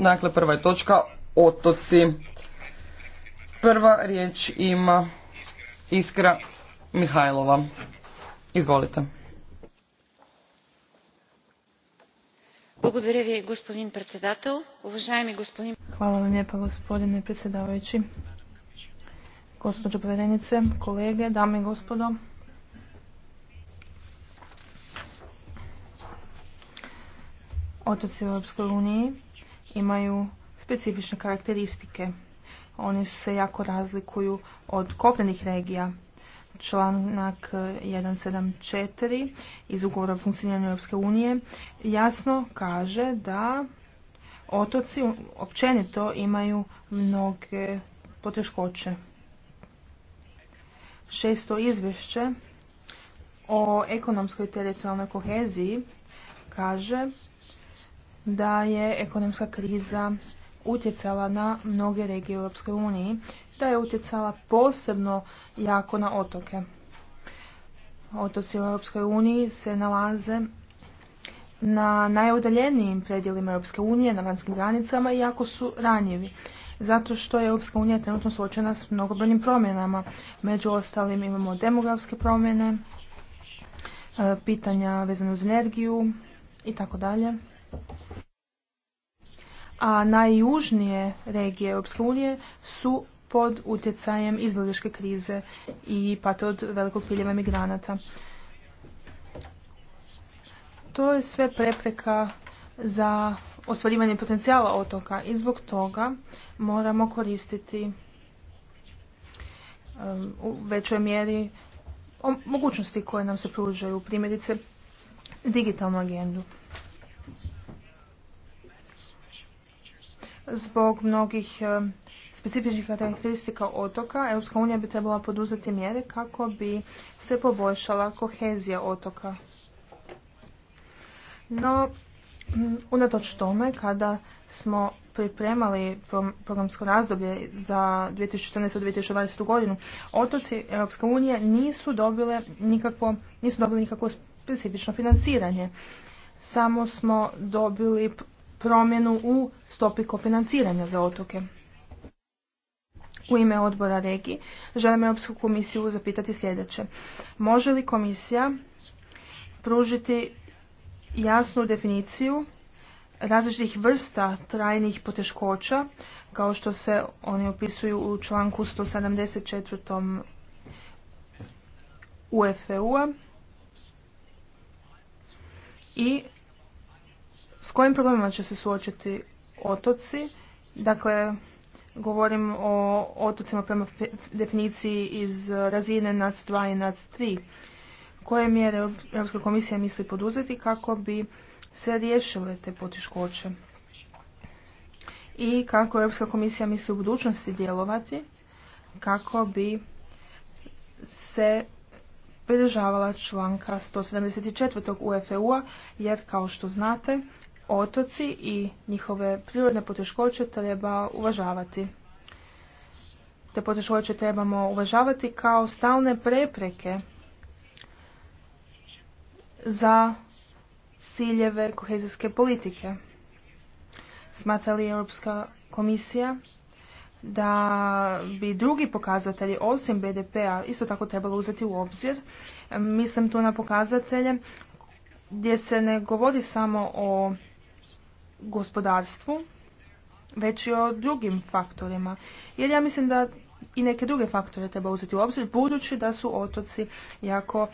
Dakle, prva je točka otoci. Prva riječ ima Iskra Mihajlova. Izvolite. Hvala vam lijepa gospodine predsjedavajući, gospođo povjerenice, kolege, dame i gospodo. Otoci u Europskoj uniji imaju specifične karakteristike. Oni se jako razlikuju od kopnenih regija. Članak 174 iz ugovora o funkcioniranju Europske unije jasno kaže da otoci općenito imaju mnoge poteškoće. Šesto izvješće o ekonomskoj teritorijalnoj koheziji kaže da je ekonomska kriza utjecala na mnoge regije u eu da je utjecala posebno jako na otoke. Otoci u EU se nalaze na najudaljenijim predjelima EU, unije, na vanjskim granicama i jako su ranjivi. Zato što je Europska unija trenutno suočena s mnogobrojnim promjenama. Među ostalim imamo demografske promjene, e, pitanja vezane uz energiju i tako dalje a najjužnije regije Europske unije su pod utjecajem izbjegličke krize i pate od velikog priljeva migranata. To je sve prepreka za ostvarivanje potencijala otoka i zbog toga moramo koristiti um, u većoj mjeri mogućnosti koje nam se pružaju, primjerice digitalnu agendu. Zbog mnogih e, specifičnih karakteristika otoka, Europska unija bi trebala poduzeti mjere kako bi se poboljšala kohezija otoka. No, unatoč tome, kada smo pripremali programsko razdoblje za 2014-2020 godinu, otoci Europske unije nisu dobile nikakvo, nisu dobili nikakvo specifično financiranje. Samo smo dobili promjenu u stopi kofinanciranja za otoke. U ime odbora regi želim Europsku komisiju zapitati sljedeće. Može li komisija pružiti jasnu definiciju različitih vrsta trajnih poteškoća, kao što se oni opisuju u članku 174. UFEU-a i s kojim problemima će se suočiti otoci? Dakle, govorim o otocima prema definiciji iz razine NAC2 i NAC3. Koje mjere Europska komisija misli poduzeti kako bi se riješile te poteškoće? I kako Europska komisija misli u budućnosti djelovati kako bi se pridržavala članka 174. ufu a jer kao što znate, otoci i njihove prirodne poteškoće treba uvažavati. Te poteškoće trebamo uvažavati kao stalne prepreke za ciljeve kohezijske politike. Smatra li Europska komisija da bi drugi pokazatelji osim BDP-a isto tako trebalo uzeti u obzir. Mislim tu na pokazatelje gdje se ne govori samo o gospodarstvu, već i o drugim faktorima. Jer ja mislim da i neke druge faktore treba uzeti u obzir, budući da su otoci jako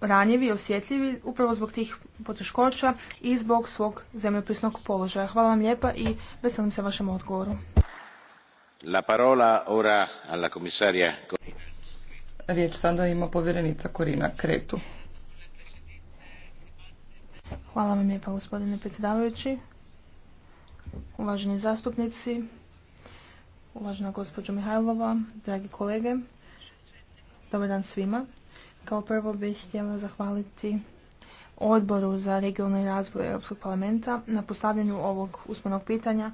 ranjivi i osjetljivi upravo zbog tih poteškoća i zbog svog zemljopisnog položaja. Hvala vam lijepa i veselim se vašem odgovoru. La parola ora alla komisarija. Riječ sada ima povjerenica Korina Kretu. Hvala vam lijepa gospodine predsjedavajući uvaženi zastupnici, uvažena gospođo Mihajlova, dragi kolege, dobar dan svima. Kao prvo bih htjela zahvaliti odboru za regionalni razvoj Europskog parlamenta na postavljanju ovog usmenog pitanja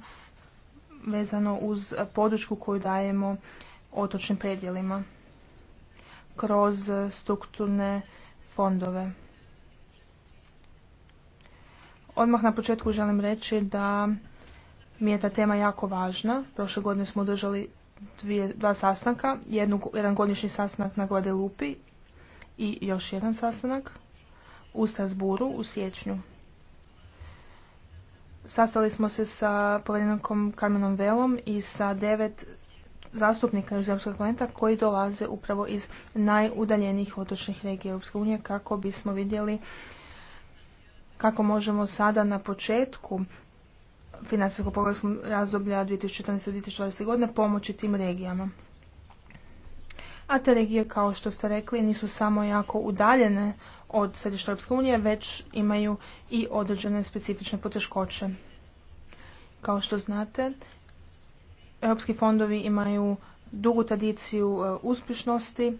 vezano uz podršku koju dajemo otočnim predjelima kroz strukturne fondove. Odmah na početku želim reći da mi je ta tema jako važna. Prošle godine smo održali dva sastanka, jednu, jedan godišnji sastanak na Guadelupi i još jedan sastanak u Strasburu u siječnju. Sastali smo se sa povjerenikom Kamenom Velom i sa devet zastupnika iz Europskog parlamenta koji dolaze upravo iz najudaljenijih otočnih regija Europske unije kako bismo vidjeli kako možemo sada na početku financijskog pogledskog razdoblja 2014-2020 godine pomoći tim regijama. A te regije, kao što ste rekli, nisu samo jako udaljene od središta Europske unije, već imaju i određene specifične poteškoće. Kao što znate, europski fondovi imaju dugu tradiciju e, uspješnosti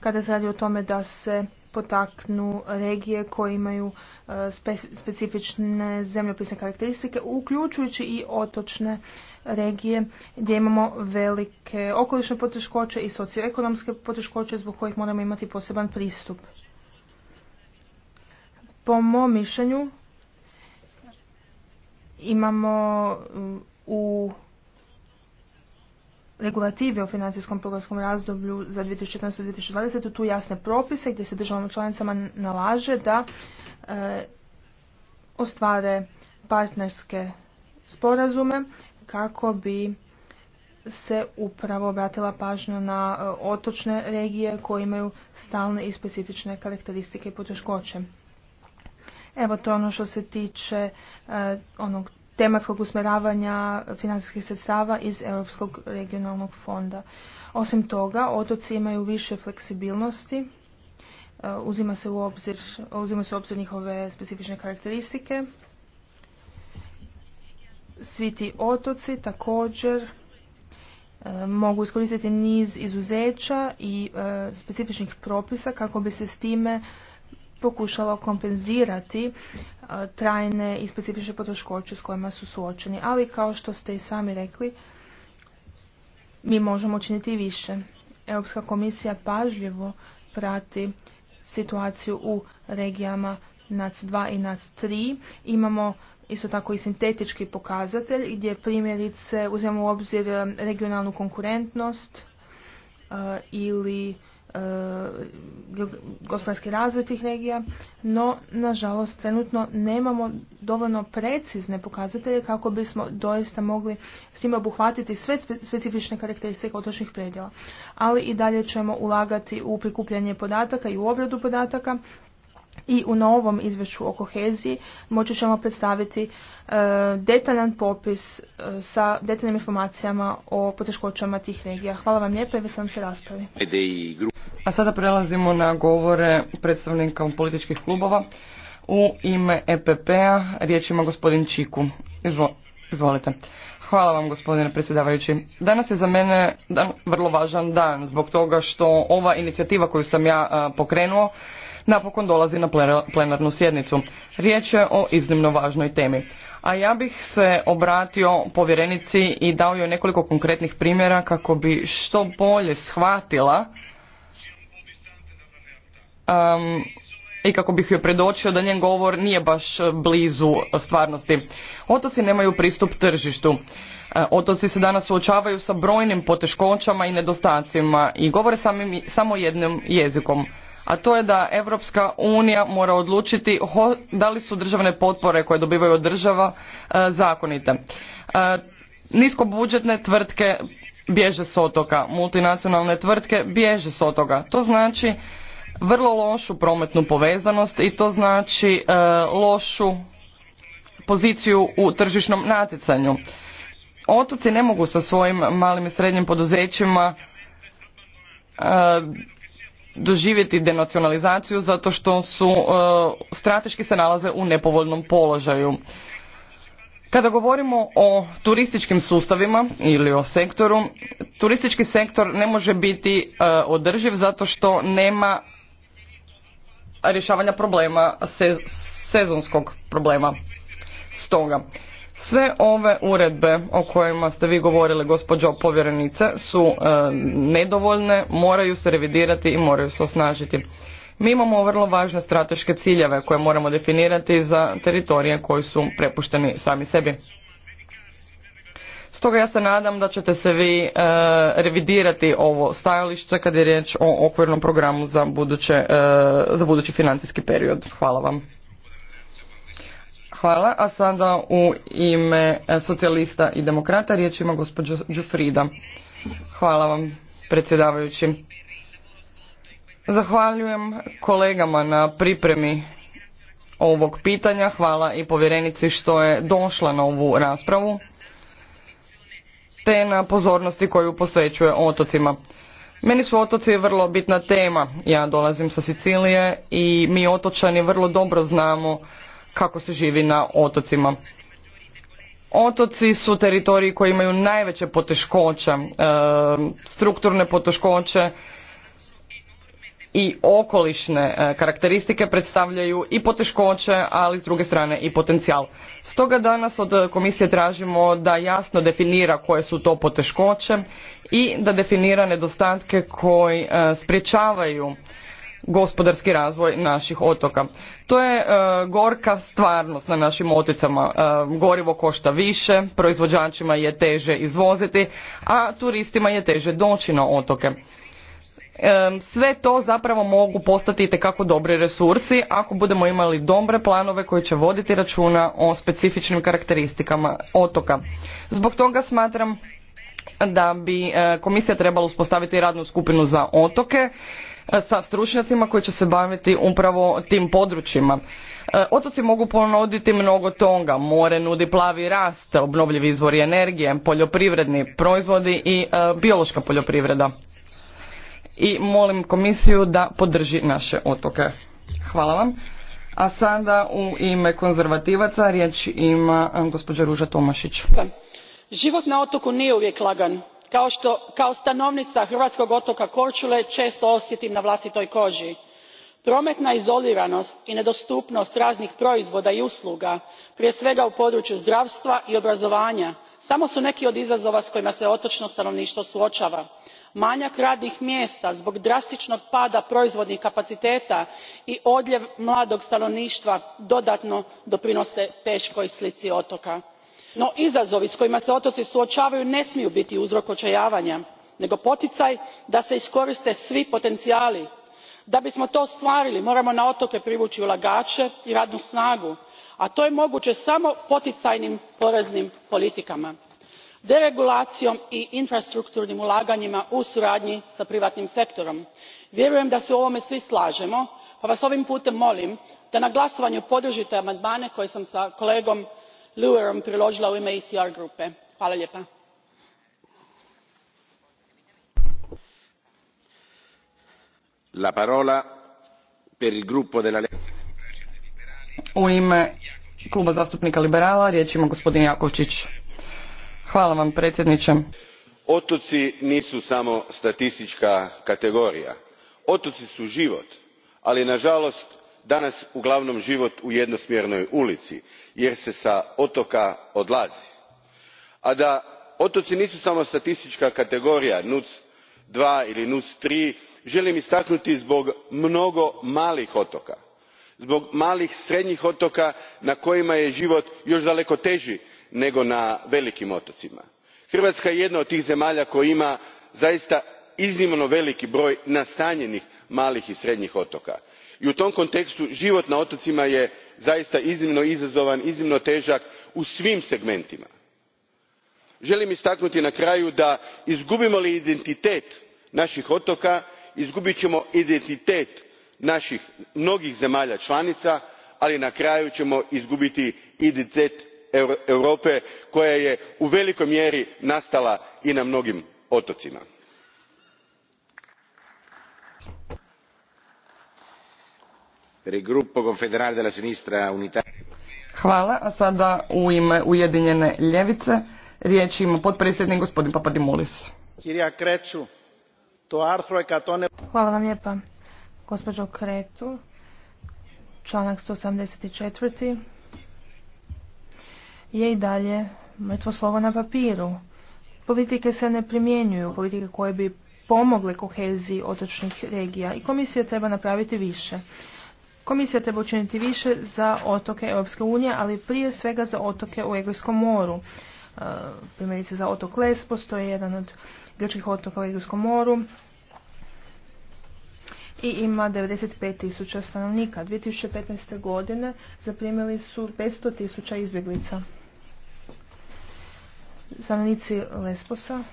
kada se radi o tome da se potaknu regije koje imaju e, specifične zemljopisne karakteristike, uključujući i otočne regije gdje imamo velike okolišne poteškoće i socioekonomske poteškoće zbog kojih moramo imati poseban pristup. Po mom mišljenju imamo u regulative o financijskom programskom razdoblju za 2014-2020 tu jasne propise gdje se državama članicama nalaže da e, ostvare partnerske sporazume kako bi se upravo obratila pažnja na e, otočne regije koje imaju stalne i specifične karakteristike i poteškoće. Evo to je ono što se tiče e, onog tematskog usmjeravanja financijskih sredstava iz Europskog regionalnog fonda. Osim toga, otoci imaju više fleksibilnosti, eh, uzima se u obzir, uzima se u obzir njihove specifične karakteristike. Svi ti otoci također eh, mogu iskoristiti niz izuzeća i eh, specifičnih propisa kako bi se s time pokušalo kompenzirati e, trajne i specifične poteškoće s kojima su suočeni. Ali kao što ste i sami rekli, mi možemo činiti više. Europska komisija pažljivo prati situaciju u regijama NAC2 i NAC3. Imamo isto tako i sintetički pokazatelj gdje primjerice uzmemo u obzir e, regionalnu konkurentnost e, ili E, gospodarski razvoj tih regija, no nažalost trenutno nemamo dovoljno precizne pokazatelje kako bismo doista mogli s njima obuhvatiti sve specifične karakteristike otočnih predjela. Ali i dalje ćemo ulagati u prikupljanje podataka i u obradu podataka i u novom izvješću o koheziji moći ćemo predstaviti e, detaljan popis e, sa detaljnim informacijama o poteškoćama tih regija. Hvala vam lijepa i veselam se raspravi. A sada prelazimo na govore predstavnika političkih klubova. U ime EPP-a riječ ima gospodin Čiku. izvolite. Hvala vam gospodine predsjedavajući. Danas je za mene dan, vrlo važan dan zbog toga što ova inicijativa koju sam ja pokrenuo napokon dolazi na plenarnu sjednicu. Riječ je o iznimno važnoj temi. A ja bih se obratio povjerenici i dao joj nekoliko konkretnih primjera kako bi što bolje shvatila i kako bih joj predočio da njen govor nije baš e, blizu stvarnosti. Otoci nemaju pristup tržištu. E, otoci se danas suočavaju sa brojnim poteškoćama i nedostacima i govore samim, samo jednim jezikom. A to je da Evropska unija mora odlučiti ho, da li su državne potpore koje dobivaju od država e, zakonite. budžetne tvrtke bježe s otoka, multinacionalne tvrtke bježe s otoka. To znači vrlo lošu prometnu povezanost i to znači e, lošu poziciju u tržišnom natjecanju. Otoci ne mogu sa svojim malim i srednjim poduzećima e, doživjeti denacionalizaciju zato što su e, strateški se nalaze u nepovoljnom položaju. Kada govorimo o turističkim sustavima ili o sektoru, turistički sektor ne može biti održiv zato što nema rješavanja problema sezonskog problema. Stoga, sve ove uredbe o kojima ste vi govorili, gospođo povjerenice, su e, nedovoljne, moraju se revidirati i moraju se osnažiti. Mi imamo vrlo važne strateške ciljeve koje moramo definirati za teritorije koji su prepušteni sami sebi. Stoga ja se nadam da ćete se vi e, revidirati ovo stajalište kad je riječ o okvirnom programu za, buduće, e, za budući financijski period. Hvala vam. Hvala. A sada u ime e, socijalista i demokrata riječ ima gospođa Džufrida. Hvala vam, predsjedavajući. Zahvaljujem kolegama na pripremi ovog pitanja. Hvala i povjerenici što je došla na ovu raspravu te na pozornosti koju posvećuje otocima. Meni su otoci vrlo bitna tema. Ja dolazim sa Sicilije i mi otočani vrlo dobro znamo kako se živi na otocima. Otoci su teritoriji koji imaju najveće poteškoće, e, strukturne poteškoće, i okolišne e, karakteristike predstavljaju i poteškoće, ali s druge strane i potencijal. Stoga danas od komisije tražimo da jasno definira koje su to poteškoće i da definira nedostatke koji e, sprječavaju gospodarski razvoj naših otoka. To je e, gorka stvarnost na našim oticama gorivo košta više, proizvođačima je teže izvoziti, a turistima je teže doći na otoke sve to zapravo mogu postati itekako dobri resursi ako budemo imali dobre planove koji će voditi računa o specifičnim karakteristikama otoka. Zbog toga smatram da bi e, komisija trebala uspostaviti radnu skupinu za otoke e, sa stručnjacima koji će se baviti upravo tim područjima. E, otoci mogu ponuditi mnogo toga. More nudi plavi rast, obnovljivi izvori energije, poljoprivredni proizvodi i biološka poljoprivreda i molim komisiju da podrži naše otoke. Hvala vam. A sada u ime konzervativaca riječ ima e, gospođa Ruža Tomašić. Život na otoku nije uvijek lagan. Kao, što, kao stanovnica hrvatskog otoka Korčule često osjetim na vlastitoj koži. Prometna izoliranost i nedostupnost raznih proizvoda i usluga, prije svega u području zdravstva i obrazovanja, samo su neki od izazova s kojima se otočno stanovništvo suočava manjak radnih mjesta zbog drastičnog pada proizvodnih kapaciteta i odljev mladog stanovništva dodatno doprinose teškoj slici otoka. no izazovi s kojima se otoci suočavaju ne smiju biti uzrok očajavanja nego poticaj da se iskoriste svi potencijali. da bismo to ostvarili moramo na otoke privući ulagače i radnu snagu a to je moguće samo poticajnim poreznim politikama deregulacijom i infrastrukturnim ulaganjima u suradnji s privatnim sektorom. vjerujem da se u ovome svi slažemo pa vas ovim putem molim da na glasovanju podržite amandmane koje sam s kolegom luerom priložila u ime ecr grupe. hvala lijepa. kluba zastupnika liberala Hvala vam predsjedniče. Otoci nisu samo statistička kategorija. Otoci su život, ali nažalost danas uglavnom život u jednosmjernoj ulici jer se sa otoka odlazi. A da otoci nisu samo statistička kategorija nuts two ili nuts three želim istaknuti zbog mnogo malih otoka zbog malih srednjih otoka na kojima je život još daleko teži nego na velikim otocima. hrvatska je jedna od tih zemalja koja ima zaista iznimno veliki broj nastanjenih malih i srednjih otoka i u tom kontekstu život na otocima je zaista iznimno izazovan iznimno težak u svim segmentima. želim istaknuti na kraju da izgubimo li identitet naših otoka izgubit ćemo identitet naših mnogih zemalja članica ali na kraju ćemo izgubiti identitet europe koja je u velikoj mjeri nastala i na mnogim otocima. Hvala. A sada u ime Ujedinjene ljevice riječ ima potpredsjednik gospodin Papadimulis. Hvala vam lijepa. Gospođo Kretu, članak 174 je i dalje mrtvo slovo na papiru. Politike se ne primjenjuju, politike koje bi pomogle koheziji otočnih regija i komisija treba napraviti više. Komisija treba učiniti više za otoke Europske unije, ali prije svega za otoke u Egejskom moru. E, primjerice za otok Lesbos, to je jedan od grčkih otoka u Egejskom moru i ima 95 tisuća stanovnika. 2015. godine zaprimili su 500 tisuća izbjeglica stanovnici Lesbosa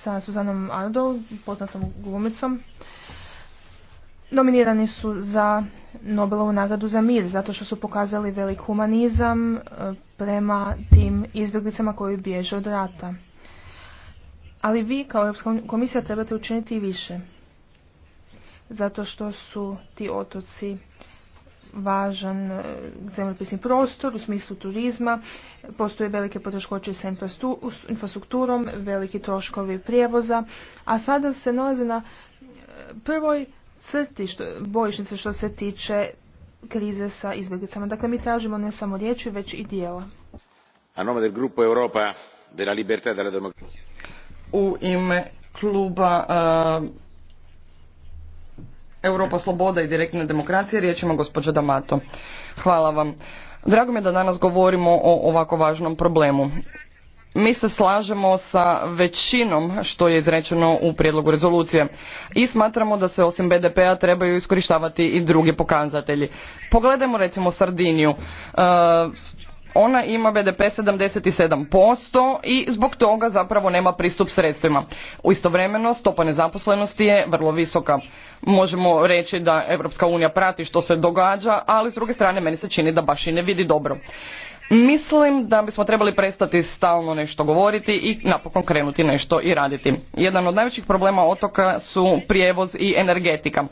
sa Suzanom Ardol, poznatom glumicom, nominirani su za Nobelovu nagradu za mir, zato što su pokazali velik humanizam e, prema tim izbjeglicama koji bježe od rata. Ali vi kao Europska komisija trebate učiniti i više, zato što su ti otoci važan e, zemljopisni prostor u smislu turizma, postoje velike poteškoće sa infrastrukturom, veliki troškovi prijevoza, a sada se nalaze na e, prvoj crti što, bojišnice što se tiče krize sa izbjeglicama. Dakle, mi tražimo ne samo riječi, već i dijela. A nome del gruppo Europa della libertà e U ime kluba Europa sloboda i direktne demokracije, riječ ima gospođa Damato. Hvala vam. Drago mi je da danas govorimo o ovako važnom problemu. Mi se slažemo sa većinom što je izrečeno u prijedlogu rezolucije i smatramo da se osim BDP-a trebaju iskorištavati i drugi pokazatelji. Pogledajmo recimo Sardiniju. E, ona ima BDP 77% i zbog toga zapravo nema pristup sredstvima. U istovremeno stopa nezaposlenosti je vrlo visoka. Možemo reći da Europska unija prati što se događa, ali s druge strane meni se čini da baš i ne vidi dobro. Mislim da bismo trebali prestati stalno nešto govoriti i napokon krenuti nešto i raditi. Jedan od najvećih problema otoka su prijevoz i energetika.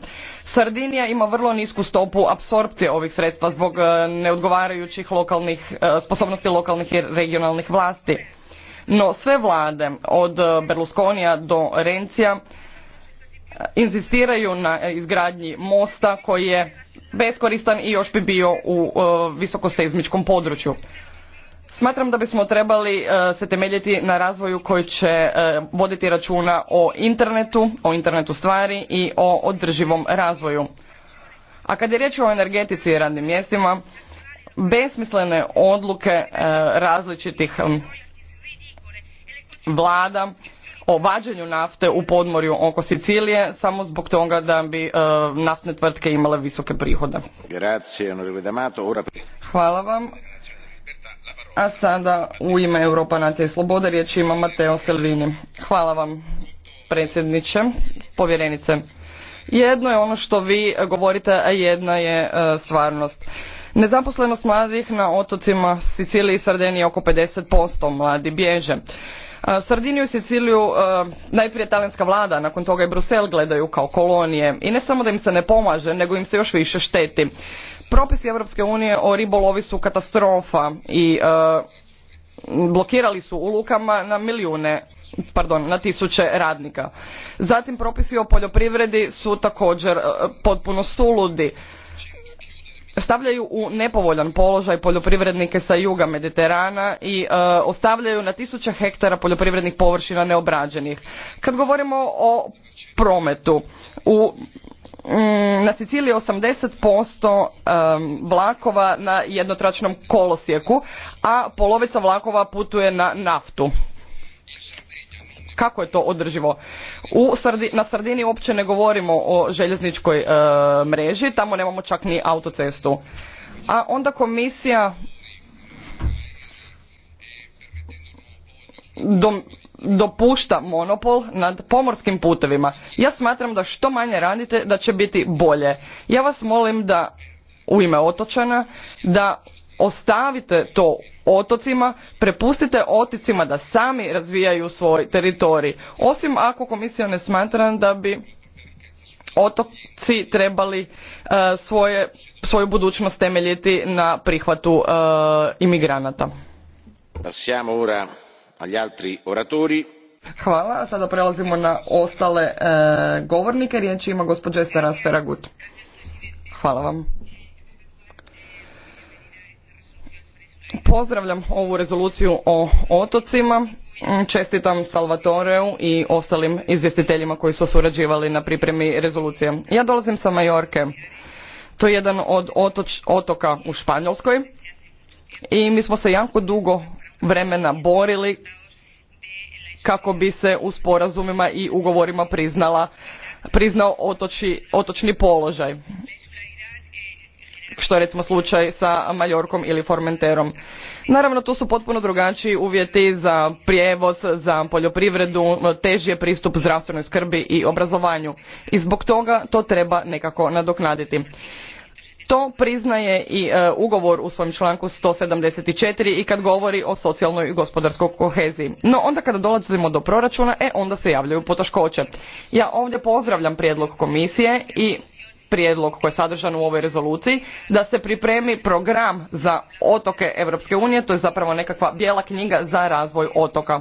Sardinija ima vrlo nisku stopu apsorpcije ovih sredstva zbog e, neodgovarajućih lokalnih, e, sposobnosti lokalnih i regionalnih vlasti. No sve vlade od e, Berlusconija do Rencija inzistiraju na izgradnji mosta koji je beskoristan i još bi bio u e, visokoseizmičkom području. Smatram da bismo trebali e, se temeljiti na razvoju koji će e, voditi računa o internetu, o internetu stvari i o održivom razvoju. A kad je riječ o energetici i radnim mjestima, besmislene odluke različitih vlada o vađenju nafte u podmorju oko Sicilije samo zbog toga da bi e, naftne tvrtke imale visoke prihode. Hvala vam. A sada u ime Europa nacije i slobode riječ ima Mateo Selvini. Hvala vam predsjedniče, povjerenice. Jedno je ono što vi govorite, a jedna je e, stvarnost. Nezaposlenost mladih na otocima Sicilije i Sardenije je oko 50%. Mladi bježe. Sardiniju i Siciliju najprije talijanska vlada, nakon toga i Brusel gledaju kao kolonije i ne samo da im se ne pomaže, nego im se još više šteti. Propisi Europske unije o ribolovi su katastrofa i blokirali su u lukama na milijune pardon na tisuće radnika zatim propisi o poljoprivredi su također potpuno suludi stavljaju u nepovoljan položaj poljoprivrednike sa juga mediterana i e, ostavljaju na tisuće hektara poljoprivrednih površina neobrađenih kad govorimo o prometu u mm, na Siciliji 80% e, vlakova na jednotračnom kolosijeku, a polovica vlakova putuje na naftu. Kako je to održivo? U na Sardini uopće ne govorimo o željezničkoj e, mreži, tamo nemamo čak ni autocestu. A onda komisija dopušta monopol nad pomorskim putevima. Ja smatram da što manje radite da će biti bolje. Ja vas molim da u ime otočana da ostavite to otocima, prepustite oticima da sami razvijaju svoj teritorij. Osim ako komisija ne smatra da bi otoci trebali e, svoje, svoju budućnost temeljiti na prihvatu e, imigranata. Ora oratori. Hvala, sada prelazimo na ostale e, govornike. Riječ ima gospođa Estera Hvala vam. Pozdravljam ovu rezoluciju o otocima. Mm, čestitam Salvatoreu i ostalim izvjestiteljima koji su surađivali na pripremi rezolucije. Ja dolazim sa Majorke. To je jedan od otoka u Španjolskoj i mi smo se jako dugo vremena borili kako bi se u sporazumima i ugovorima priznao otoči, otočni položaj što je recimo slučaj sa Majorkom ili Formenterom. Naravno, tu su potpuno drugačiji uvjeti za prijevoz, za poljoprivredu, teži je pristup zdravstvenoj skrbi i obrazovanju. I zbog toga to treba nekako nadoknaditi. To priznaje i e, ugovor u svom članku 174 i kad govori o socijalnoj i gospodarskoj koheziji. No onda kada dolazimo do proračuna, e onda se javljaju poteškoće. Ja ovdje pozdravljam prijedlog komisije i prijedlog koji je sadržan u ovoj rezoluciji da se pripremi program za otoke Europske unije, to je zapravo nekakva bijela knjiga za razvoj otoka.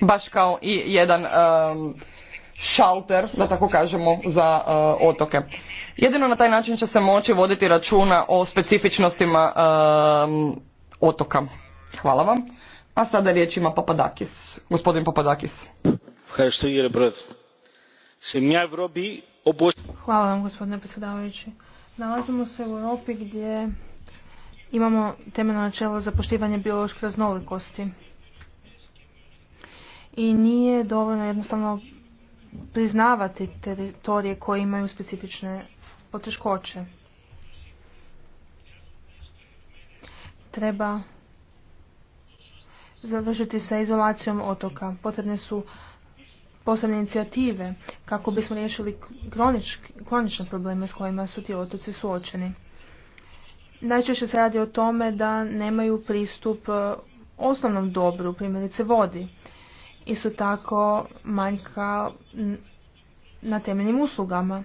Baš kao i jedan šalter, da tako kažemo, za eh, otoke. Jedino na taj način će se moći voditi računa o specifičnostima otoka. Hvala vam. A sada riječ ima Papadakis, gospodin Papadakis. Hvala što Hvala vam gospodine predsjedavajući. Nalazimo se u Europi gdje imamo temeljno načelo za poštivanje biološke raznolikosti. I nije dovoljno jednostavno priznavati teritorije koje imaju specifične poteškoće. Treba završiti sa izolacijom otoka. Potrebne su posebne inicijative kako bismo riješili kronične probleme s kojima su ti otoci suočeni. Najčešće se radi o tome da nemaju pristup e, osnovnom dobru, primjerice vodi. Isto tako manjka na temeljnim uslugama.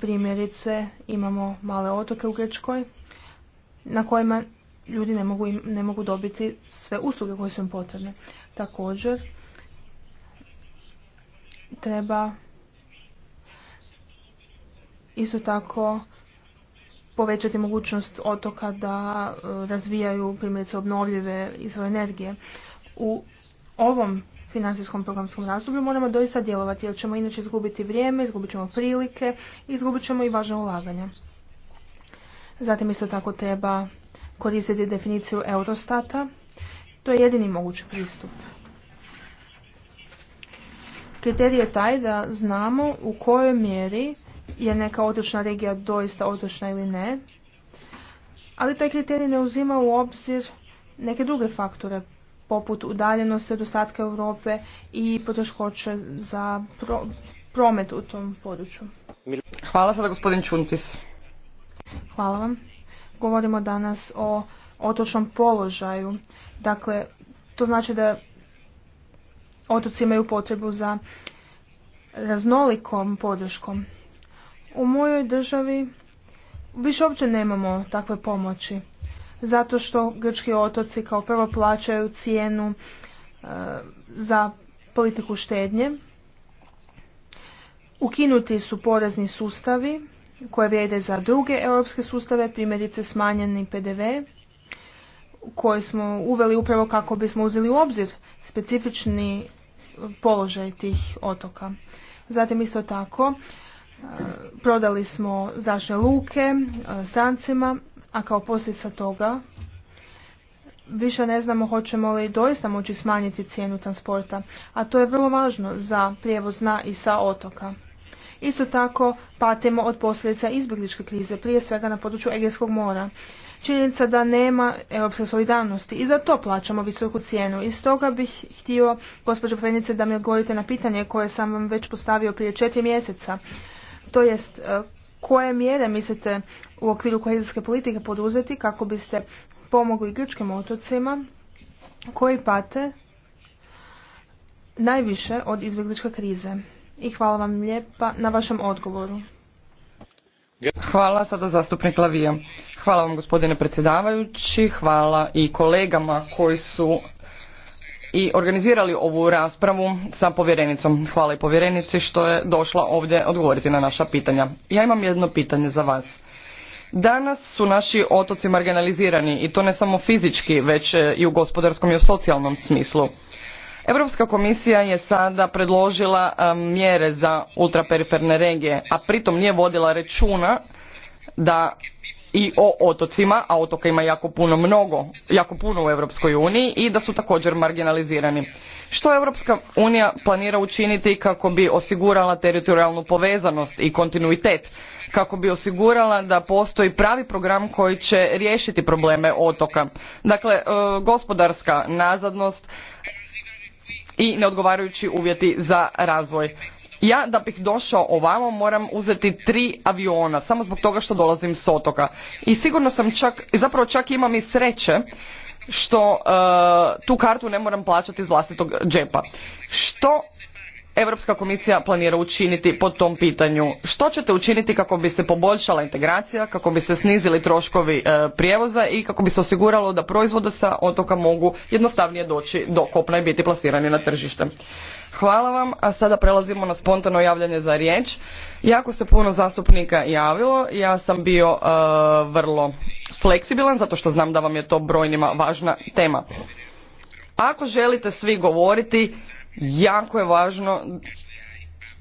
Primjerice imamo male otoke u Grečkoj na kojima ljudi ne mogu, ne mogu dobiti sve usluge koje su im potrebne. Također, treba isto tako povećati mogućnost otoka da e, razvijaju primjerice obnovljive izvore energije. U ovom financijskom programskom razdoblju moramo doista djelovati jer ćemo inače izgubiti vrijeme, izgubit ćemo prilike, izgubit ćemo i važna ulaganja. Zatim isto tako treba koristiti definiciju Eurostata. To je jedini mogući pristup. Kriterij je taj da znamo u kojoj mjeri je neka otočna regija doista otočna ili ne, ali taj kriterij ne uzima u obzir neke druge faktore, poput udaljenosti od ostatka Europe i poteškoće za promet u tom području. Hvala sada Hvala vam. Govorimo danas o otočnom položaju. Dakle, to znači da otoci imaju potrebu za raznolikom podrškom. U mojoj državi više uopće nemamo takve pomoći, zato što grčki otoci kao prvo plaćaju cijenu e, za politiku štednje, ukinuti su porezni sustavi koje vrijede za druge europske sustave, primjerice smanjeni PDV, koji smo uveli upravo kako bismo uzeli u obzir specifični položaj tih otoka. Zatim isto tako e, prodali smo zračne luke e, strancima, a kao posljedica toga više ne znamo hoćemo li doista moći smanjiti cijenu transporta, a to je vrlo važno za prijevoz na i sa otoka. Isto tako patimo od posljedica izbjegličke krize, prije svega na području Egejskog mora činjenica da nema europske solidarnosti i za to plaćamo visoku cijenu. I stoga bih htio, gospođo Prenice, da mi odgovorite na pitanje koje sam vam već postavio prije četiri mjeseca. To jest, e, koje mjere mislite u okviru kohezijske politike poduzeti kako biste pomogli grčkim otocima koji pate najviše od izbjegličke krize? I hvala vam lijepa na vašem odgovoru. Hvala sada zastupnik Lavija. Hvala vam gospodine predsjedavajući, hvala i kolegama koji su i organizirali ovu raspravu sa povjerenicom. Hvala i povjerenici što je došla ovdje odgovoriti na naša pitanja. Ja imam jedno pitanje za vas. Danas su naši otoci marginalizirani i to ne samo fizički, već i u gospodarskom i u socijalnom smislu. Europska komisija je sada predložila e, mjere za ultraperiferne regije, a pritom nije vodila računa da i o otocima, a otoka ima jako puno mnogo, jako puno u Europskoj uniji i da su također marginalizirani. Što Europska unija planira učiniti kako bi osigurala teritorijalnu povezanost i kontinuitet, kako bi osigurala da postoji pravi program koji će riješiti probleme otoka. Dakle, e, gospodarska nazadnost, i neodgovarajući uvjeti za razvoj. Ja da bih došao ovamo moram uzeti tri aviona samo zbog toga što dolazim s otoka. I sigurno sam čak, zapravo čak imam i sreće što e, tu kartu ne moram plaćati iz vlastitog džepa. Što Europska komisija planira učiniti po tom pitanju? Što ćete učiniti kako bi se poboljšala integracija, kako bi se snizili troškovi e, prijevoza i kako bi se osiguralo da proizvode sa otoka mogu jednostavnije doći do kopna i biti plasirani na tržište? Hvala vam, a sada prelazimo na spontano javljanje za riječ. Jako se puno zastupnika javilo, ja sam bio e, vrlo fleksibilan zato što znam da vam je to brojnima važna tema. Ako želite svi govoriti, jako je važno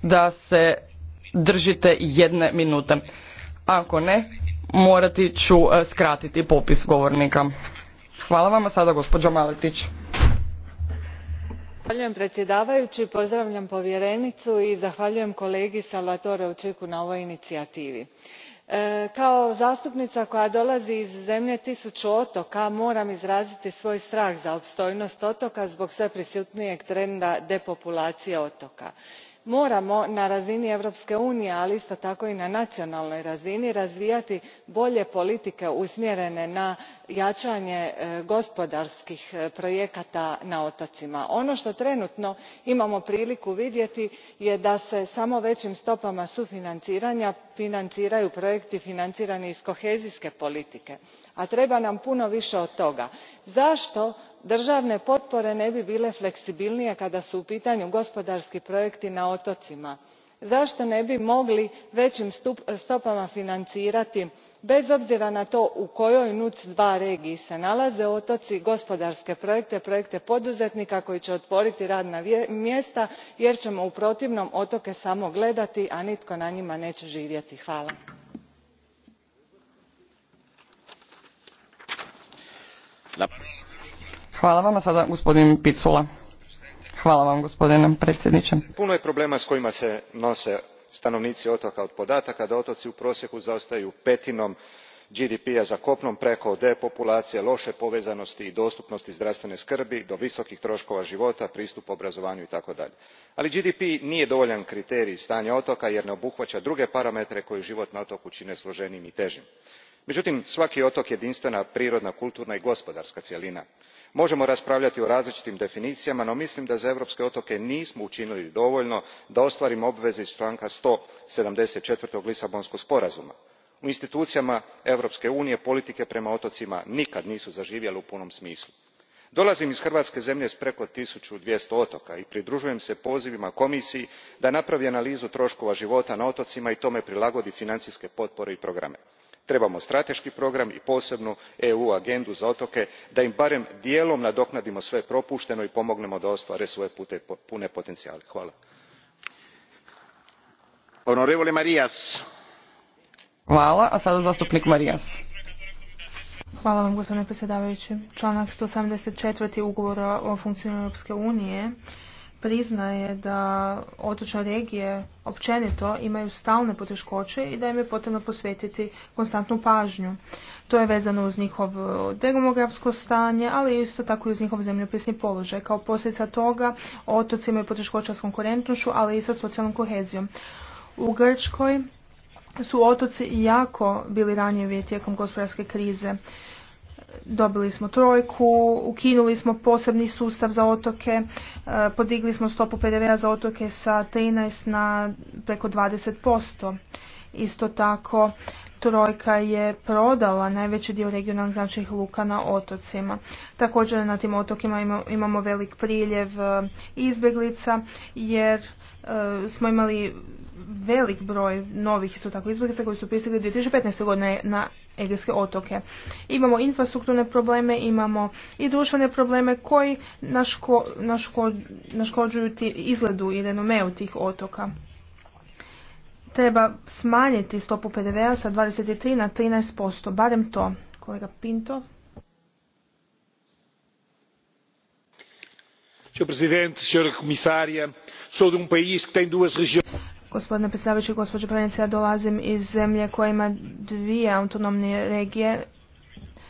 da se držite jedne minute. Ako ne, morati ću e, skratiti popis govornika. Hvala vam, sada gospođo Maletić. Zahvaljujem predsjedavajući, pozdravljam povjerenicu i zahvaljujem kolegi Salvatore Očiku na ovoj inicijativi E, kao zastupnica koja dolazi iz zemlje tisuću otoka moram izraziti svoj strah za opstojnost otoka zbog sve prisutnijeg trenda depopulacije otoka. moramo na razini europske unije ali isto tako i na nacionalnoj razini razvijati bolje politike usmjerene na jačanje e, gospodarskih e, projekata na otocima. ono što trenutno imamo priliku vidjeti je da se samo većim stopama sufinanciranja financiraju projekti financirani iz kohezijske politike a treba nam puno više od toga. zašto državne potpore ne bi bile fleksibilnije kada su u pitanju gospodarski projekti na otocima? zašto ne bi mogli većim stopama financirati bez obzira na to u kojoj nuts dva regiji se nalaze otoci gospodarske projekte projekte poduzetnika koji će otvoriti radna mjesta jer ćemo u protivnom otoke samo gledati a nitko na njima neće živjeti. puno je problema s kojima se nose stanovnici otoka od podataka da otoci u prosjeku zaostaju petinom gdp a za kopnom preko depopulacije loše povezanosti i dostupnosti zdravstvene skrbi do visokih troškova života pristupa obrazovanju itd. ali gdp nije dovoljan kriterij stanja otoka jer ne obuhvaća druge parametre koji život na otoku čine složenijim i težim. međutim svaki otok je jedinstvena prirodna kulturna i gospodarska cjelina možemo raspravljati o različitim definicijama no mislim da za europske otoke nismo učinili dovoljno da ostvarimo obveze iz članka. one hundred and seventy lisabonskog sporazuma. u institucijama europske unije politike prema otocima nikad nisu zaživjele u punom smislu. dolazim iz hrvatske zemlje s preko one thousand two otoka i pridružujem se pozivima komisiji da napravi analizu troškova života na otocima i tome prilagodi financijske potpore i programe trebamo strateški program i posebnu eu agendu za otoke da im barem dijelom nadoknadimo sve propušteno i pomognemo da ostvare svoje pune potencijale. Hvala, a sada zastupnik Marijas. Hvala vam gospodine predsjedavajući. Članak 174. ugovora o funkcioniranju Europske unije priznaje da otočne regije općenito imaju stalne poteškoće i da im je potrebno posvetiti konstantnu pažnju. To je vezano uz njihov eh, demografsko stanje, ali isto tako i uz njihov zemljopisni položaj. Kao posljedica toga otoci imaju poteškoća s konkurentnošću, ali i sa socijalnom kohezijom. U Grčkoj su otoci jako bili ranjivi tijekom gospodarske krize dobili smo trojku, ukinuli smo posebni sustav za otoke, e, podigli smo stopu PDV-a za otoke sa 13 na preko 20%. Isto tako Trojka je prodala najveći dio regionalnih značajnih luka na otocima. Također na tim otokima imamo velik priljev e, izbjeglica jer e, smo imali velik broj novih isto tako izbjeglica koji su pristigli 2015. godine na Egejske otoke. Imamo infrastrukturne probleme, imamo i društvene probleme koji naškođuju izgledu i renomeu tih otoka treba smanjiti stopu PDV-a sa 23 na 13%, barem to, kolega Pinto. Um Gospodine predsjedavajući, gospođo Prenice, ja dolazim iz zemlje koja ima dvije autonomne regije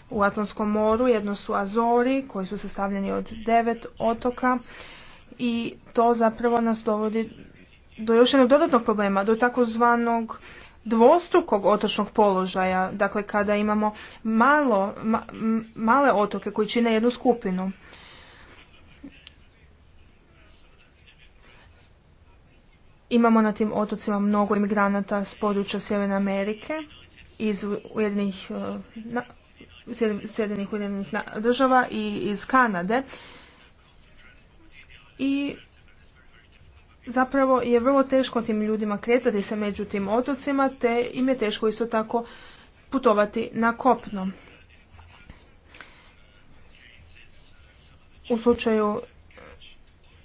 u Atlantskom moru. Jedno su Azori, koji su sastavljeni od devet otoka i to zapravo nas dovodi do još jednog dodatnog problema, do takozvanog dvostrukog otočnog položaja, dakle kada imamo malo, male otoke koji čine jednu skupinu. Imamo na tim otocima mnogo imigranata s područja Sjeverne Amerike iz Ujedinih, e, na, država i iz Kanade. I zapravo je vrlo teško tim ljudima kretati se među tim otocima, te im je teško isto tako putovati na kopno. U slučaju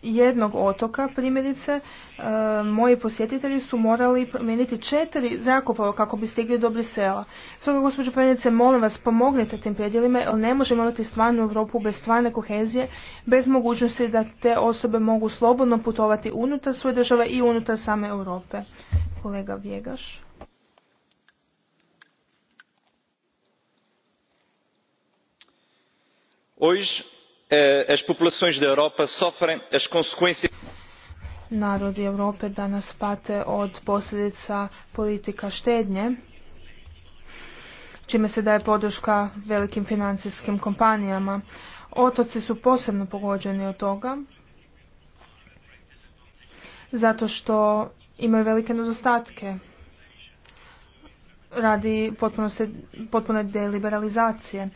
jednog otoka, primjerice, e, moji posjetitelji su morali promijeniti četiri zrakoplova kako bi stigli do Brisela. Stoga, gospođo premijerice, molim vas, pomognite tim predjelima, jer ne možemo imati stvarnu Europu bez stvarne kohezije, bez mogućnosti da te osobe mogu slobodno putovati unutar svoje države i unutar same Europe. Kolega Vjegaš. Hoje Eh, as populações da Europa sofrem as consequências narodi Europe danas pate od posljedica politika štednje, čime se daje podrška velikim financijskim kompanijama. Otoci su posebno pogođeni od toga, zato što imaju velike nedostatke radi potpuno, potpune deliberalizacije.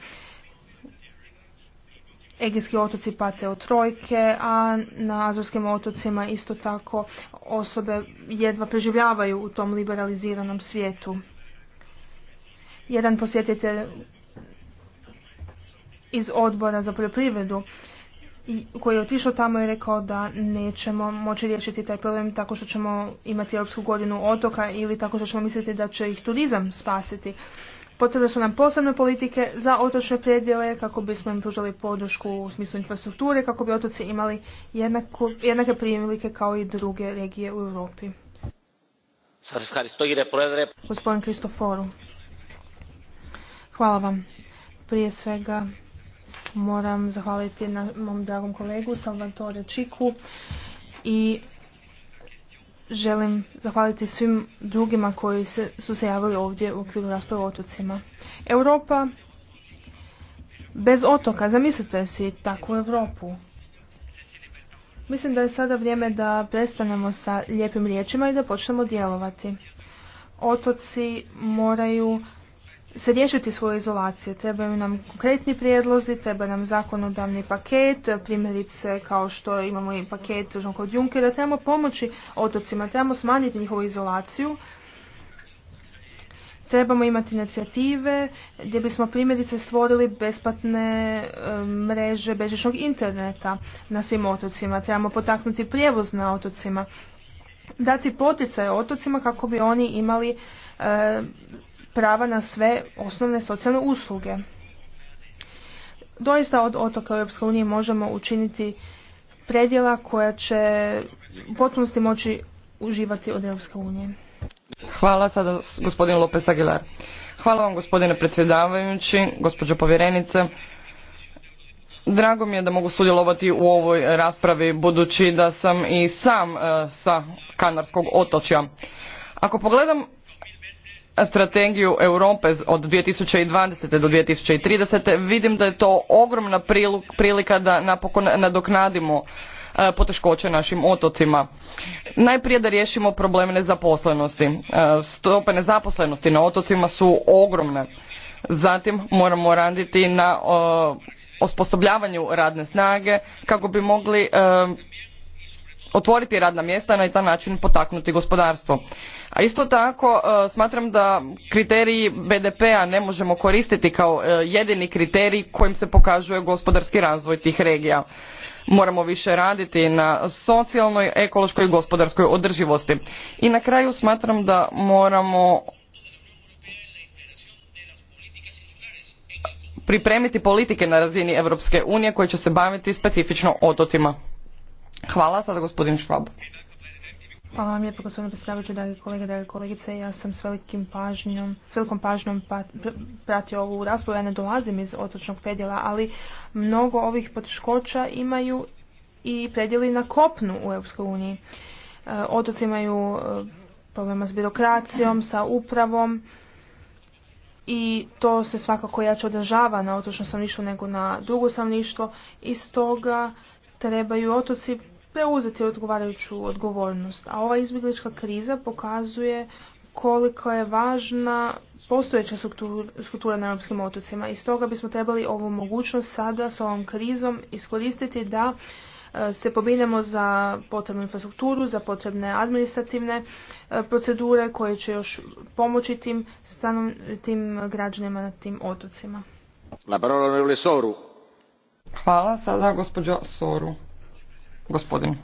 Egejski otoci pate od trojke, a na Azorskim otocima isto tako osobe jedva preživljavaju u tom liberaliziranom svijetu. Jedan posjetitelj iz odbora za poljoprivredu koji je otišao tamo i rekao da nećemo moći riješiti taj problem tako što ćemo imati Europsku godinu otoka ili tako što ćemo misliti da će ih turizam spasiti. Potrebne su nam posebne politike za otočne predjele kako bismo im pružali podršku u smislu infrastrukture, kako bi otoci imali jednako, jednake prilike kao i druge regije u Europi. Gospodin Kristoforu, hvala vam. Prije svega moram zahvaliti na mom dragom kolegu Salvatore Čiku i želim zahvaliti svim drugima koji su se javili ovdje u okviru rasprave o otocima. Europa bez otoka, zamislite si takvu Europu. Mislim da je sada vrijeme da prestanemo sa lijepim riječima i da počnemo djelovati. Otoci moraju se riješiti svoje izolacije. Trebaju nam konkretni prijedlozi, treba nam zakonodavni paket, primjerice kao što imamo i paket Jean-Claude Junckera, trebamo pomoći otocima, trebamo smanjiti njihovu izolaciju, trebamo imati inicijative gdje bismo primjerice stvorili besplatne e, mreže bežičnog interneta na svim otocima, trebamo potaknuti prijevoz na otocima, dati poticaje otocima kako bi oni imali e, prava na sve osnovne socijalne usluge. Doista od otoka u unije možemo učiniti predjela koja će u potpunosti moći uživati od Europske unije. Hvala sada gospodin Lopez Aguilar. Hvala vam gospodine predsjedavajući, gospođo povjerenice. Drago mi je da mogu sudjelovati u ovoj raspravi budući da sam i sam e, sa Kanarskog otočja. Ako pogledam strategiju Europe od 2020. do 2030. vidim da je to ogromna prilika da napokon nadoknadimo e, poteškoće našim otocima. Najprije da riješimo problem nezaposlenosti. E, stope nezaposlenosti na otocima su ogromne. Zatim moramo raditi na e, osposobljavanju radne snage kako bi mogli otvoriti radna mjesta i na taj način potaknuti gospodarstvo. A isto tako e, smatram da kriteriji BDP-a ne možemo koristiti kao e, jedini kriterij kojim se pokazuje gospodarski razvoj tih regija. Moramo više raditi na socijalnoj, ekološkoj i gospodarskoj održivosti. I na kraju smatram da moramo pripremiti politike na razini Europske unije koje će se baviti specifično otocima. Hvala, sada gospodin Švab. Hvala vam lijepo gospodine predsjedavajući, dragi kolege, dragi kolegice. Ja sam s velikim pažnjom, s velikom pažnjom pratio ovu raspravu. Ja ne dolazim iz otočnog predjela, ali mnogo ovih poteškoća imaju i predjeli na kopnu u EU. Eh, otoci imaju eh, problema s birokracijom, sa upravom i to se svakako jače održava na otočno samništvo nego na drugo samništvo i stoga trebaju otoci preuzeti odgovarajuću odgovornost. A ova izbjeglička kriza pokazuje koliko je važna postojeća struktura na europskim otocima i stoga bismo trebali ovu mogućnost sada s ovom krizom iskoristiti da e, se pobinemo za potrebnu infrastrukturu, za potrebne administrativne e, procedure koje će još pomoći tim, stanom, tim građanima na tim otocima. Hvala. Sada gospođo Soru. Gospodin.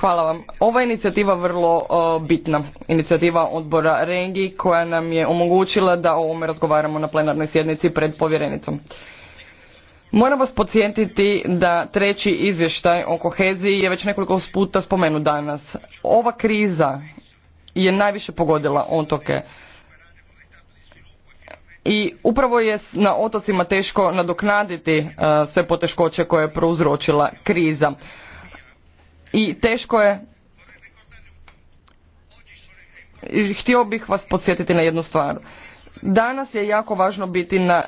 Hvala vam. Ova je inicijativa vrlo bitna. Inicijativa odbora Rengi koja nam je omogućila da o ovome razgovaramo na plenarnoj sjednici pred povjerenicom. Moram vas podsjetiti da treći izvještaj o koheziji je već nekoliko puta spomenut danas. Ova kriza je najviše pogodila otoke i upravo je na otocima teško nadoknaditi e, sve poteškoće koje je prouzročila kriza i teško je htio bih vas podsjetiti na jednu stvar danas je jako važno biti na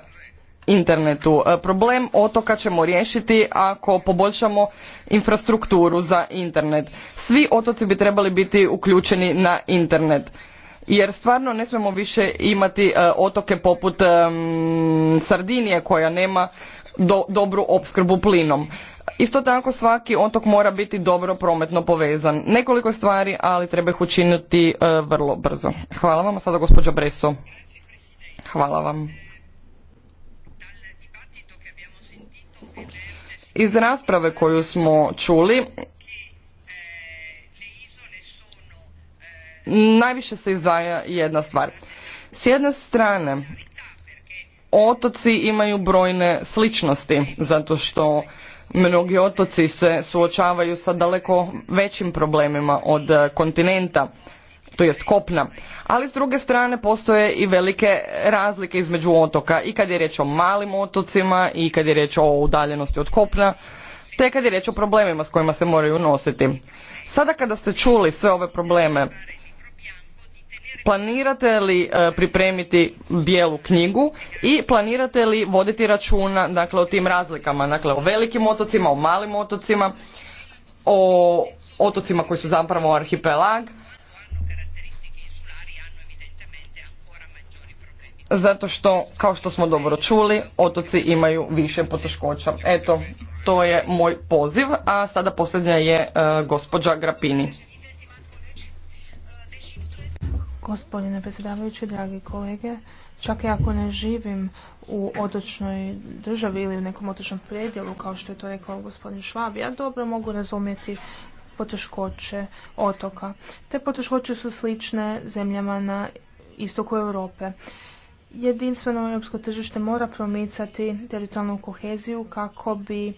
internetu e, problem otoka ćemo riješiti ako poboljšamo infrastrukturu za internet svi otoci bi trebali biti uključeni na internet jer stvarno ne smemo više imati e, otoke poput e, Sardinije koja nema dobru opskrbu plinom. Isto tako svaki otok mora biti dobro prometno povezan. Nekoliko stvari, ali treba ih učiniti e, vrlo brzo. Hvala vam, sada gospođo Breso. Hvala vam. Iz rasprave koju smo čuli najviše se izdvaja jedna stvar. S jedne strane, otoci imaju brojne sličnosti, zato što mnogi otoci se suočavaju sa daleko većim problemima od e, kontinenta to jest kopna. Ali s druge strane postoje i velike razlike između otoka i kad je riječ o malim otocima i kad je riječ o udaljenosti od kopna, te kad je riječ o problemima s kojima se moraju nositi. Sada kada ste čuli sve ove probleme, Planirate li e, pripremiti bijelu knjigu i planirate li voditi računa dakle, o tim razlikama, dakle o velikim otocima, o malim otocima, o otocima koji su zapravo arhipelag, zato što, kao što smo dobro čuli, otoci imaju više poteškoća. Eto, to je moj poziv, a sada posljednja je e, gospođa Grapini. Gospodine predsjedavajući, dragi kolege, čak i ako ne živim u otočnoj državi ili u nekom otočnom predjelu, kao što je to rekao gospodin Švab, ja dobro mogu razumjeti poteškoće otoka. Te poteškoće su slične zemljama na istoku Europe. Jedinstveno europsko tržište mora promicati teritorijalnu koheziju kako bi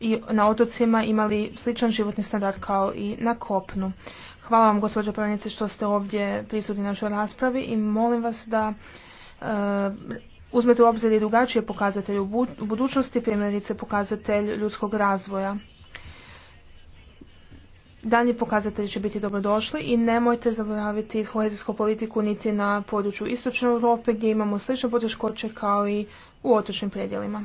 i na otocima imali sličan životni standard kao i na kopnu. Hvala vam gospođo Pravnice što ste ovdje prisutni na našoj raspravi i molim vas da eh, uzmete u obzir i drugačije pokazatelje u budućnosti, primjerice pokazatelj ljudskog razvoja. Danji pokazatelji će biti dobrodošli i nemojte zaboraviti kohezijsku politiku niti na području Istočne Europe gdje imamo slične poteškoće kao i u otočnim predjelima.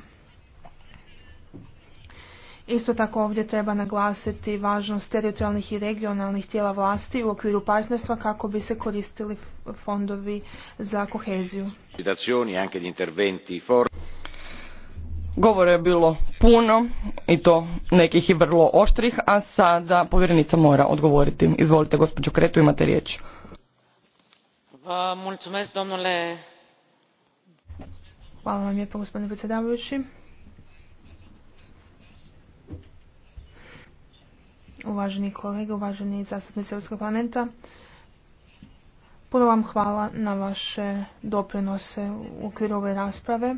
Isto tako ovdje treba naglasiti važnost teritorijalnih i regionalnih tijela vlasti u okviru partnerstva kako bi se koristili fondovi za koheziju. Govore je bilo puno i to nekih i vrlo oštrih, a sada povjerenica mora odgovoriti. Izvolite gospođo Kretu, imate riječ. Hvala vam lijepo gospodine predsjedavajući. uvaženi kolege, uvaženi zastupnici Europskog parlamenta. Puno vam hvala na vaše doprinose u okviru ove rasprave.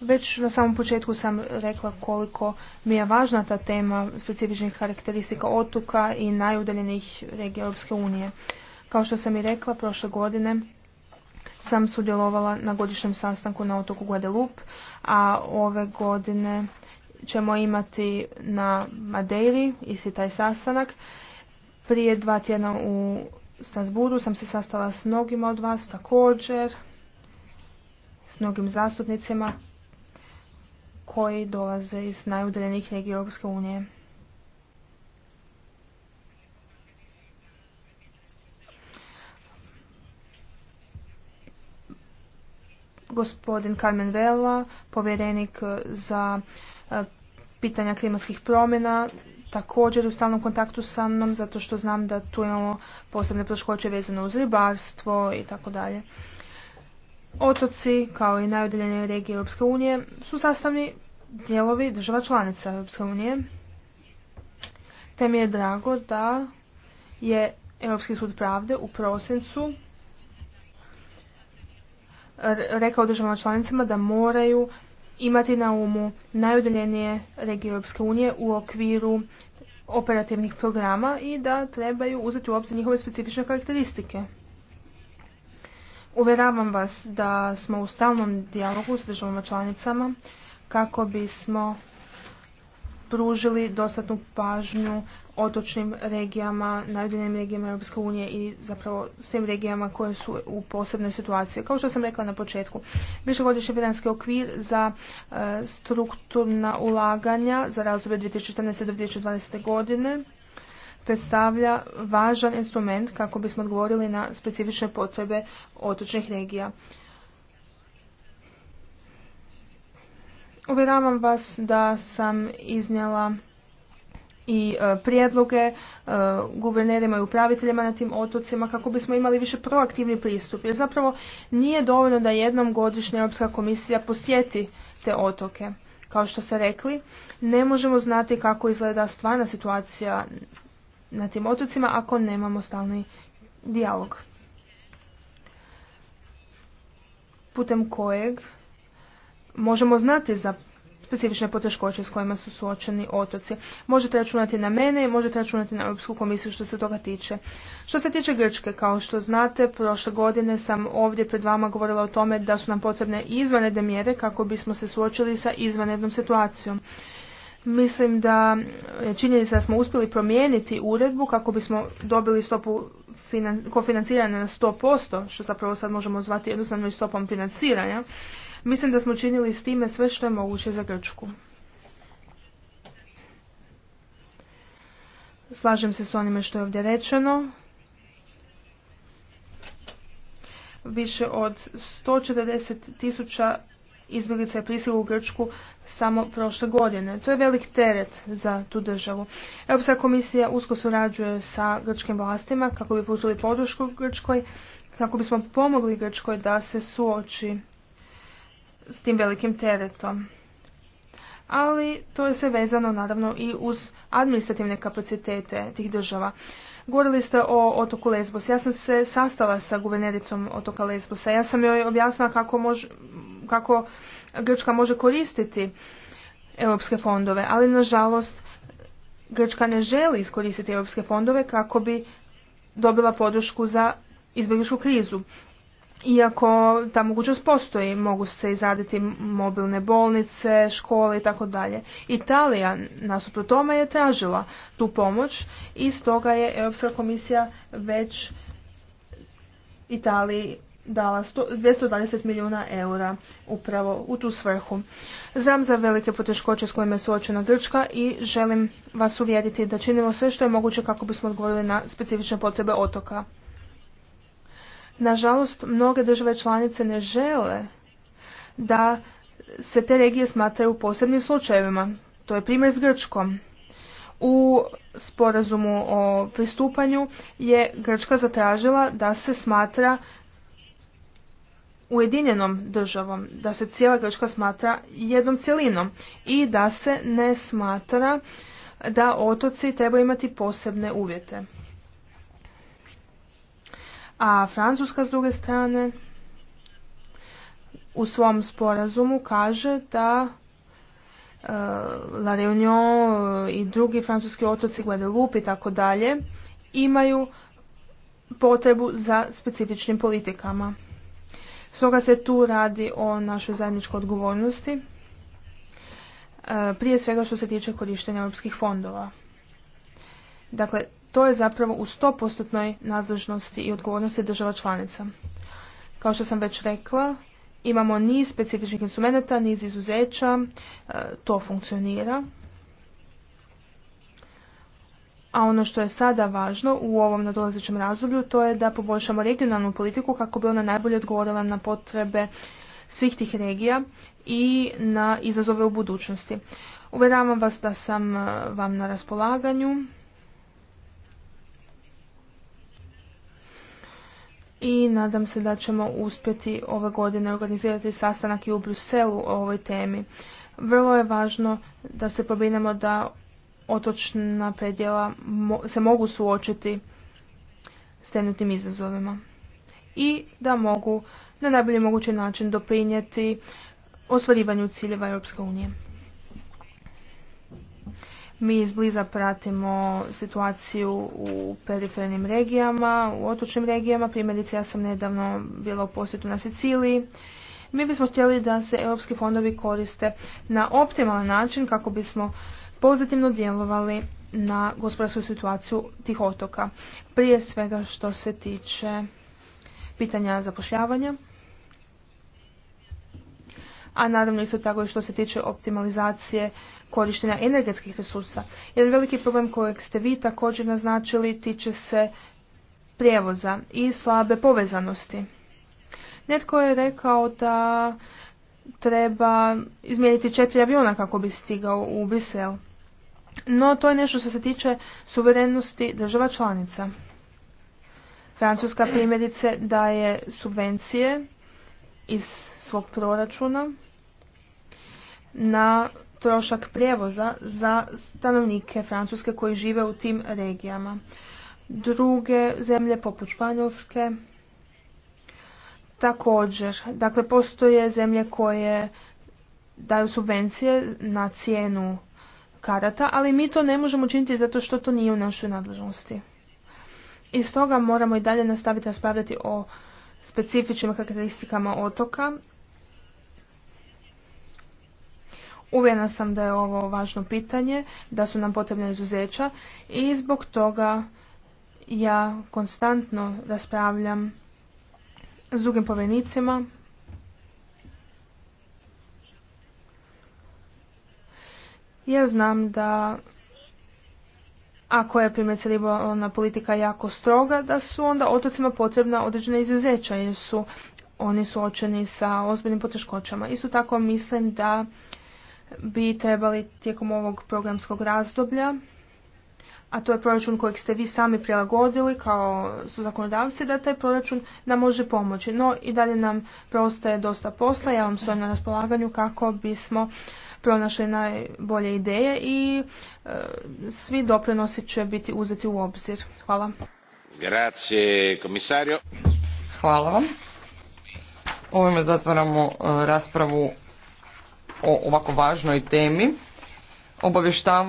Već na samom početku sam rekla koliko mi je važna ta tema specifičnih karakteristika otoka i najudaljenih regija Europske unije. Kao što sam i rekla, prošle godine sam sudjelovala na godišnjem sastanku na otoku Guadeloupe, a ove godine ćemo imati na Madeiri, isti taj sastanak. Prije dva tjedna u Strasburu sam se sastala s mnogima od vas također, s mnogim zastupnicima koji dolaze iz najudeljenijih regija Europske unije. Gospodin Carmen Vela, povjerenik za E, pitanja klimatskih promjena također u stalnom kontaktu sa mnom zato što znam da tu imamo posebne proškoće vezane uz ribarstvo i tako dalje. Otoci, kao i najudaljenije regije Europske unije, su sastavni dijelovi država članica Europske unije. Te mi je drago da je Europski sud pravde u prosincu rekao državama članicama da moraju imati na umu najudaljenije regije Europske unije u okviru operativnih programa i da trebaju uzeti u obzir njihove specifične karakteristike. Uveravam vas da smo u stalnom dijalogu s državama članicama kako bismo pružili dostatnu pažnju otočnim regijama, najudjenim regijama Europske unije i zapravo svim regijama koje su u posebnoj situaciji. Kao što sam rekla na početku, višegodišnji financijski okvir za e, strukturna ulaganja za razdoblje 2014. do 2020. godine predstavlja važan instrument kako bismo odgovorili na specifične potrebe otočnih regija. Uvjeravam vas da sam iznijela i e, prijedloge e, guvernerima i upraviteljima na tim otocima kako bismo imali više proaktivni pristup. Jer zapravo nije dovoljno da jednom godišnje Europska komisija posjeti te otoke. Kao što ste rekli, ne možemo znati kako izgleda stvarna situacija na tim otocima ako nemamo stalni dijalog putem kojeg možemo znati za specifične poteškoće s kojima su suočeni otoci. Možete računati na mene i možete računati na Europsku komisiju što se toga tiče. Što se tiče Grčke, kao što znate, prošle godine sam ovdje pred vama govorila o tome da su nam potrebne izvanredne mjere kako bismo se suočili sa izvanrednom situacijom. Mislim da činjenica da smo uspjeli promijeniti uredbu kako bismo dobili stopu kofinanciranja na 100%, što zapravo sad možemo zvati jednostavno i stopom financiranja, Mislim da smo činili s time sve što je moguće za Grčku. Slažem se s onime što je ovdje rečeno. Više od 140 tisuća izbjeglica je prisilo u Grčku samo prošle godine. To je velik teret za tu državu. Europska komisija usko surađuje sa grčkim vlastima kako bi pružili podršku Grčkoj, kako bismo pomogli Grčkoj da se suoči s tim velikim teretom. Ali to je sve vezano naravno i uz administrativne kapacitete tih država. Govorili ste o otoku Lesbos. Ja sam se sastala sa guvernericom otoka Lesbosa. Ja sam joj objasnila kako, kako Grčka može koristiti europske fondove, ali nažalost Grčka ne želi iskoristiti europske fondove kako bi dobila podršku za izbjegličku krizu iako ta mogućnost postoji, mogu se izraditi mobilne bolnice, škole i tako dalje. Italija nasuprot tome je tražila tu pomoć i stoga je Europska komisija već Italiji dala 100, 220 milijuna eura upravo u tu svrhu. Znam za velike poteškoće s kojima je suočena Grčka i želim vas uvjeriti da činimo sve što je moguće kako bismo odgovorili na specifične potrebe otoka. Nažalost, mnoge države članice ne žele da se te regije smatraju u posebnim slučajevima. To je primjer s Grčkom. U sporazumu o pristupanju je Grčka zatražila da se smatra ujedinjenom državom, da se cijela Grčka smatra jednom cjelinom i da se ne smatra da otoci trebaju imati posebne uvjete. A Francuska s druge strane u svom sporazumu kaže da e, La Réunion e, i drugi francuski otoci Guadeloupe i tako dalje imaju potrebu za specifičnim politikama. Stoga se tu radi o našoj zajedničkoj odgovornosti, e, prije svega što se tiče korištenja europskih fondova. Dakle, to je zapravo u 100% nadležnosti i odgovornosti država članica. Kao što sam već rekla, imamo niz specifičnih instrumenta, niz izuzeća, e, to funkcionira. A ono što je sada važno u ovom nadolazećem razdoblju to je da poboljšamo regionalnu politiku kako bi ona najbolje odgovorila na potrebe svih tih regija i na izazove u budućnosti. Uveravam vas da sam e, vam na raspolaganju i nadam se da ćemo uspjeti ove godine organizirati sastanak i u Bruselu o ovoj temi. Vrlo je važno da se pobrinemo da otočna predjela se mogu suočiti s trenutnim izazovima i da mogu na najbolji mogući način doprinijeti ostvarivanju ciljeva Europske unije. Mi izbliza pratimo situaciju u perifernim regijama, u otočnim regijama. Primjerice, ja sam nedavno bila u posjetu na Siciliji. Mi bismo htjeli da se europski fondovi koriste na optimalan način kako bismo pozitivno djelovali na gospodarsku situaciju tih otoka. Prije svega što se tiče pitanja zapošljavanja, a naravno isto tako i što se tiče optimalizacije korištenja energetskih resursa. Jer veliki problem kojeg ste vi također naznačili tiče se prijevoza i slabe povezanosti. Netko je rekao da treba izmijeniti četiri aviona kako bi stigao u Brisel. No to je nešto što se tiče suverenosti država članica. Francuska primjerice daje subvencije iz svog proračuna na trošak prijevoza za stanovnike Francuske koji žive u tim regijama. Druge zemlje poput Španjolske također. Dakle, postoje zemlje koje daju subvencije na cijenu karata, ali mi to ne možemo učiniti zato što to nije u našoj nadležnosti. I stoga moramo i dalje nastaviti raspravljati o specifičnim karakteristikama otoka Uvjerena sam da je ovo važno pitanje, da su nam potrebna izuzeća i zbog toga ja konstantno raspravljam s drugim povenicima. Jer znam da ako je primjerice ribolovna politika jako stroga, da su onda otocima potrebna određena izuzeća jer su oni suočeni sa ozbiljnim poteškoćama. Isto tako mislim da bi trebali tijekom ovog programskog razdoblja, a to je proračun kojeg ste vi sami prilagodili kao su zakonodavci, da taj proračun nam može pomoći. No i dalje nam prostaje dosta posla, ja vam stojim na raspolaganju kako bismo pronašli najbolje ideje i e, svi doprinosi će biti uzeti u obzir. Hvala. Grazie, komisario. Hvala vam. Ovime zatvaramo e, raspravu o ovako važnoj temi obavještava